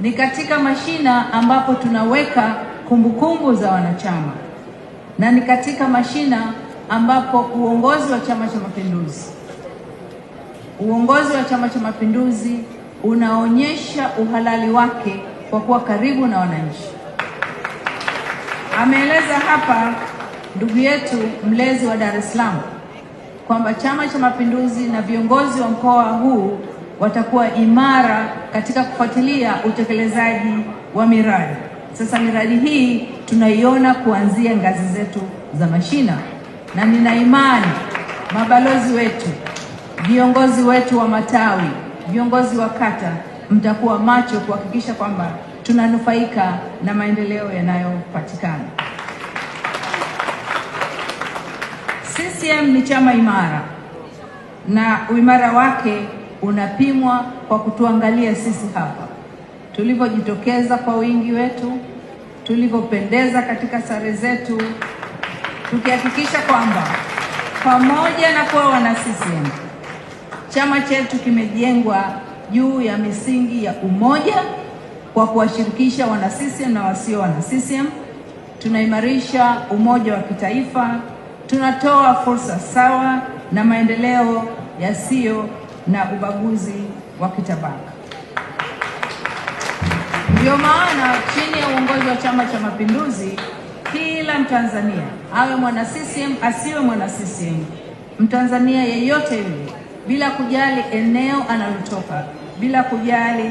ni katika mashina ambapo tunaweka kumbukumbu za wanachama na ni katika mashina ambapo uongozi wa Chama cha Mapinduzi uongozi wa Chama cha Mapinduzi unaonyesha uhalali wake kwa kuwa karibu na wananchi. Ameeleza hapa ndugu yetu mlezi wa Dar es Salaam kwamba Chama cha Mapinduzi na viongozi wa mkoa huu watakuwa imara katika kufuatilia utekelezaji wa miradi. Sasa miradi hii tunaiona kuanzia ngazi zetu za mashina, na nina imani mabalozi wetu, viongozi wetu wa matawi, viongozi wa kata, mtakuwa macho kuhakikisha kwamba tunanufaika na maendeleo yanayopatikana. CCM ni chama imara na uimara wake unapimwa kwa kutuangalia sisi hapa tulivyojitokeza kwa wingi wetu, tulivyopendeza katika sare zetu, tukihakikisha kwamba pamoja na kuwa wana CCM chama chetu kimejengwa juu ya misingi ya umoja kwa kuwashirikisha wana CCM na wasio wana CCM. Tunaimarisha umoja wa kitaifa, tunatoa fursa sawa na maendeleo yasiyo na ubaguzi wa kitabaka. Ndiyo maana chini ya uongozi wa Chama cha Mapinduzi, kila Mtanzania awe mwana CCM asiwe mwana CCM, Mtanzania yeyote yule, bila kujali eneo analotoka, bila kujali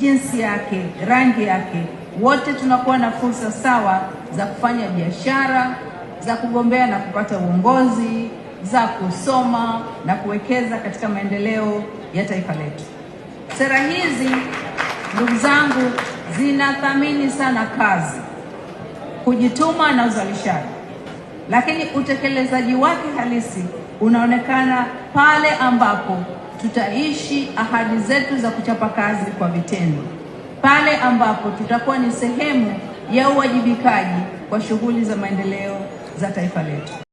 jinsi yake, rangi yake, wote tunakuwa na fursa sawa za kufanya biashara, za kugombea na kupata uongozi za kusoma na kuwekeza katika maendeleo ya taifa letu. Sera hizi ndugu zangu, zinathamini sana kazi, kujituma na uzalishaji, lakini utekelezaji wake halisi unaonekana pale ambapo tutaishi ahadi zetu za kuchapa kazi kwa vitendo, pale ambapo tutakuwa ni sehemu ya uwajibikaji kwa shughuli za maendeleo za taifa letu.